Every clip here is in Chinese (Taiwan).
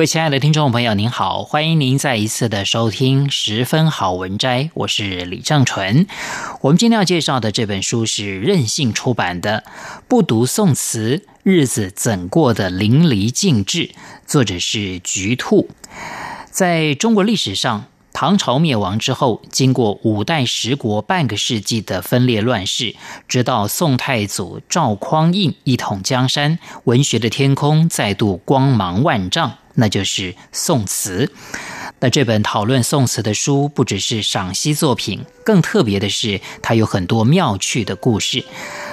各位親愛的聽眾朋友，您好，歡迎您再一次的收聽《十分好文摘》，我是李正淳。我們今天要介紹的這本書是任性出版的《不讀宋詞，日子怎過得淋漓盡致》，作者是鞠菟。在中國歷史上，唐朝滅亡之後，經過五代十國半個世紀的分裂亂世，直到宋太祖趙匡胤一統江山，文學的天空再度光芒萬丈。那就是宋詞。那這本討論宋詞的書，不只是賞析作品，更特別的是，它有很多妙趣的故事。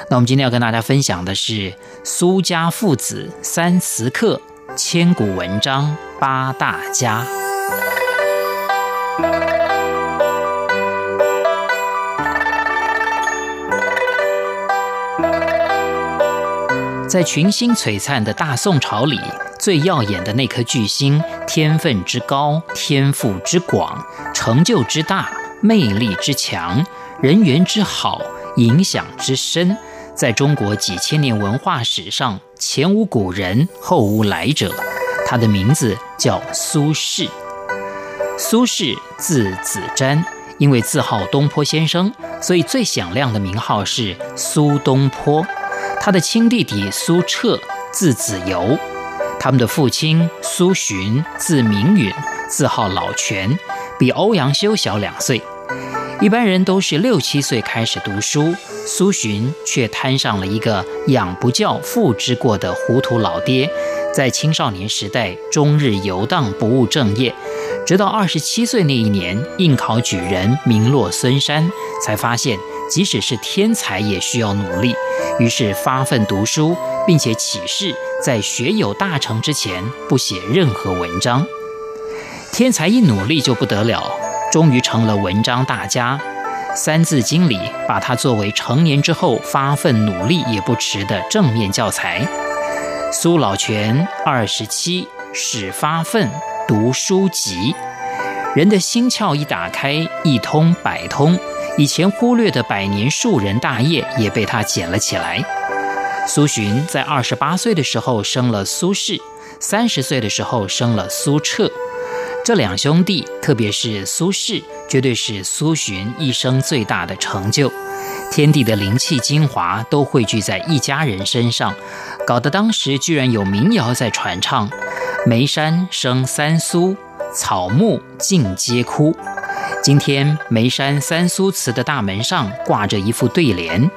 那我們今天要跟大家分享的是《蘇家父子三詞客，千古文章八大家》。在群星璀璨的大宋朝裡，最耀眼的那顆巨星，天分之高，天賦之廣，成就之大，魅力之強，人緣之好，影響之深，在中國幾千年文化史上前無古人後無來者。他的名字叫蘇軾。蘇軾字子瞻，因為自號東坡先生，所以最響亮的名號是蘇東坡。他的親弟弟蘇轍，字子由。他們的父親蘇洵，字明允，字號老泉，比歐陽修小兩歲。一般人都是六七歲開始讀書，蘇洵卻攤上了一個養不教父之過的糊塗老爹，在青少年時代終日遊蕩，不務正業。直到二十七歲那一年，應考舉人，名落孫山，才發現即使是天才也需要努力，於是發奮讀書。並且起誓，在學有大成之前不寫任何文章。天才一努力就不得了，終於成了文章大家。《三字經》裡把他作為成年之後发奮努力也不遲的正面教材。蘇老泉二十七始发憤讀書籍，人的心竅一打開，一通百通，以前忽略的百年樹人大業也被他撿了起來。蘇洵在二十八歲的時候生了蘇軾，三十歲的時候生了蘇轍。這兩兄弟，特別是蘇軾，絕對是蘇洵一生最大的成就。天地的靈氣精華都匯聚在一家人身上，搞得當時居然有民謠在傳唱：“眉山生三蘇，草木盡皆枯。”今天眉山三蘇祠的大門上掛着一副對聯。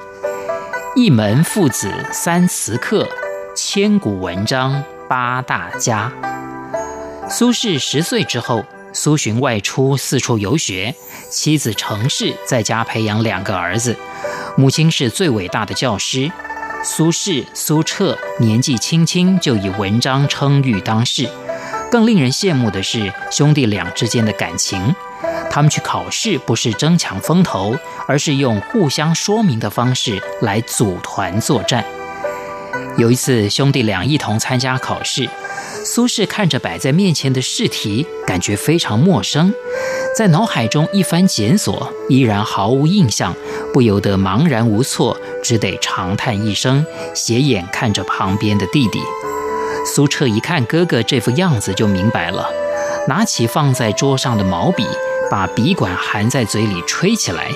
一門父子三詞客，千古文章八大家。蘇軾十歲之後，蘇洵外出四處遊學，妻子程氏在家培養兩個兒子。母親是最偉大的教師。蘇軾、蘇轍年紀輕輕就以文章稱譽當世。更令人羨慕的是兄弟倆之間的感情。他們去考試不是爭搶風頭，而是用互相說明的方式來組團作戰。有一次，兄弟倆一同參加考試，蘇軾看着擺在面前的試題，感覺非常陌生，在腦海中一番檢索，依然毫無印象，不由得茫然無措，只得長嘆一聲，斜眼看着旁邊的弟弟。蘇轍一看哥哥這副樣子，就明白了，拿起放在桌上的毛筆。把筆管含在嘴裡吹起來，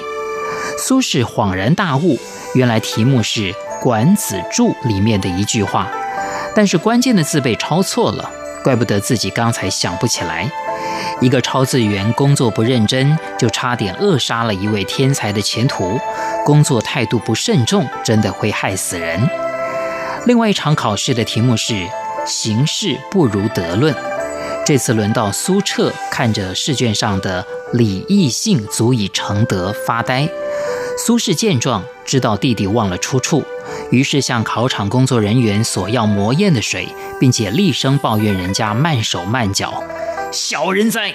蘇軾恍然大悟，原來題目是《管子注》裡面的一句話，但是關鍵的字被抄錯了，怪不得自己剛才想不起來。一個抄字員工作不認真，就差點扼殺了一位天才的前途。工作態度不慎重，真的會害死人。另外一場考試的題目是“形勢不如德論”。這次輪到蘇轍看着試卷上的“禮義信足以成德”發呆，蘇軾見狀，知道弟弟忘了出處，於是向考場工作人員索要磨硯的水，並且厲聲抱怨人家慢手慢腳，小人哉！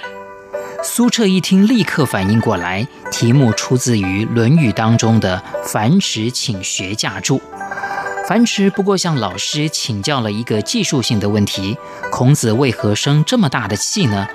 蘇轍一聽，立刻反應過來，題目出自於《論語》當中的“樊遲請學駕注”。樊遲不過向老師請教了一個技術性的問題，孔子為何生這麼大的氣呢？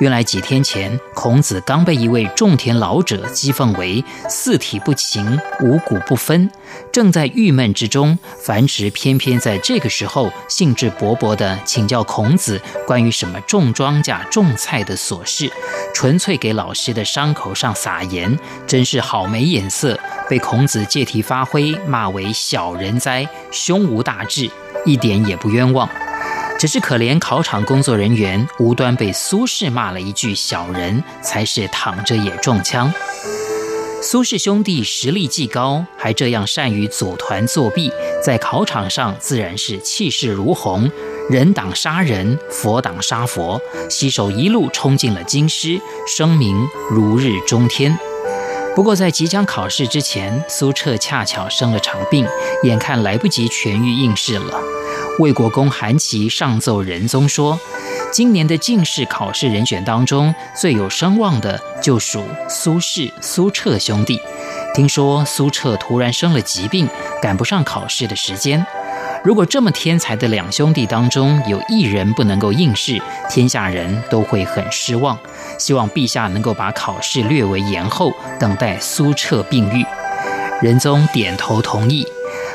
原來幾天前，孔子剛被一位種田老者譏諷為四體不勤、五穀不分，正在鬱悶之中，樊遲偏偏在這個時候興致勃勃地請教孔子關於什麼種莊稼、種菜的瑣事，純粹給老師的傷口上撒鹽，真是好沒眼色。被孔子借題發揮，罵為小人哉，胸無大志，一點也不冤枉。只是可憐考場工作人員無端被蘇軾罵了一句“小人”，才是躺着也中槍。蘇軾兄弟實力既高，還這樣善於組團作弊，在考場上自然是氣勢如虹，人擋殺人，佛擋殺佛，攜手一路衝進了京師，聲名如日中天。不過在即將考試之前，蘇轍恰巧生了場病，眼看來不及痊癒應試了。魏國公韓琦上奏仁宗說：“今年的進士考試人選當中，最有聲望的就屬蘇軾、蘇轍兄弟。聽說蘇轍突然生了疾病，趕不上考試的時間。如果這麼天才的兩兄弟當中有一人不能夠應試，天下人都會很失望。希望陛下能夠把考試略為延後，等待蘇轍病愈。”仁宗點頭同意。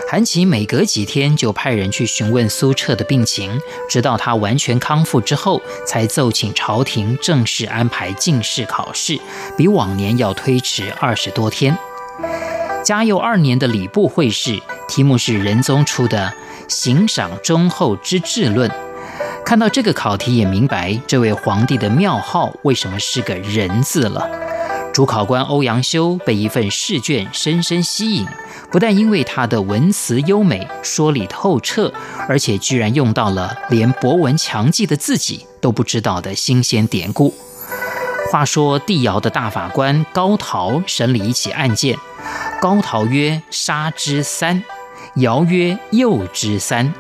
韓琦每隔幾天就派人去詢問蘇轍的病情，直到他完全康復之後，才奏請朝廷正式安排進士考試，比往年要推遲二十多天。嘉佑二年的禮部會試題目是仁宗出的《刑賞忠厚之至論》，看到這個考題也明白這位皇帝的廟號為什麼是個仁字了。主考官歐陽修被一份試卷深深吸引，不但因為他的文辭優美、說理透徹，而且居然用到了連博聞強記的自己都不知道的新鮮典故。話說帝堯的大法官皋陶審理一起案件，皋陶曰：“殺之三。”堯曰：“宥之三。”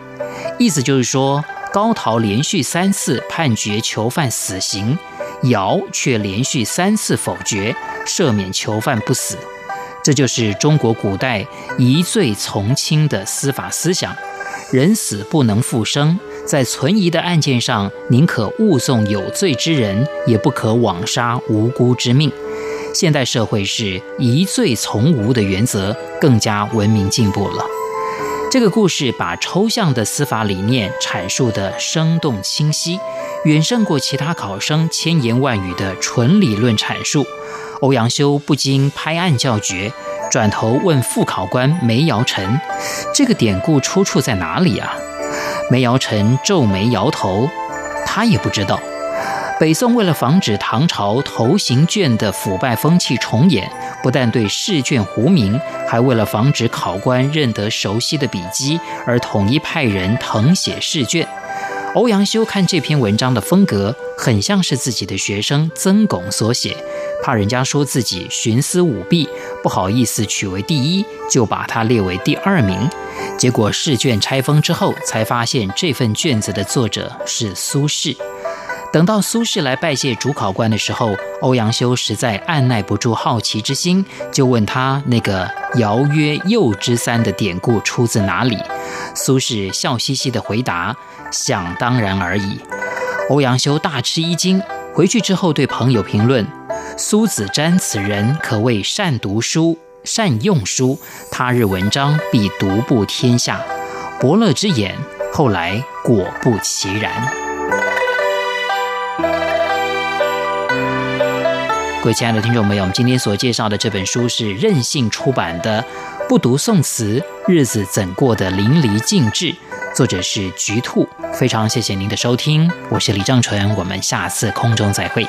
意思就是說，皋陶連續三次判決囚犯死刑。堯卻連續三次否決，赦免囚犯不死，這就是中國古代疑罪從輕的司法思想。人死不能復生，在存疑的案件上，寧可誤送有罪之人，也不可枉殺無辜之命。現代社會是疑罪從無的原則，更加文明進步了。這個故事把抽象的司法理念闡述得生動清晰，遠勝過其他考生千言萬語的純理論闡述。歐陽修不禁拍案叫絕，轉頭問副考官梅堯臣：“這個典故出處在哪裡啊？”梅堯臣皺眉搖頭，他也不知道。北宋為了防止唐朝投行卷的腐敗風氣重演，不但對試卷糊名，還為了防止考官認得熟悉的筆跡，而統一派人謄寫試卷。歐陽修看這篇文章的風格，很像是自己的學生曾鞏所寫，怕人家說自己徇私舞弊，不好意思取為第一，就把他列為第二名。結果試卷拆封之後，才發現這份卷子的作者是蘇軾。等到蘇軾來拜謝主考官的時候，歐陽修實在按捺不住好奇之心，就問他那個“堯曰宥之三”的典故出自哪裡。蘇軾笑嘻嘻地回答：“想當然而已。”歐陽修大吃一驚，回去之後對朋友評論：“蘇子瞻此人可謂善讀書、善用書，他日文章必獨步天下。”伯樂之言，後來果不其然。各位親愛的聽眾朋友，我們今天所介紹的這本書是任性出版的《不讀宋詞，日子怎過得淋漓盡致》，作者是鞠菟。非常謝謝您的收聽，我是李正淳，我們下次空中再會。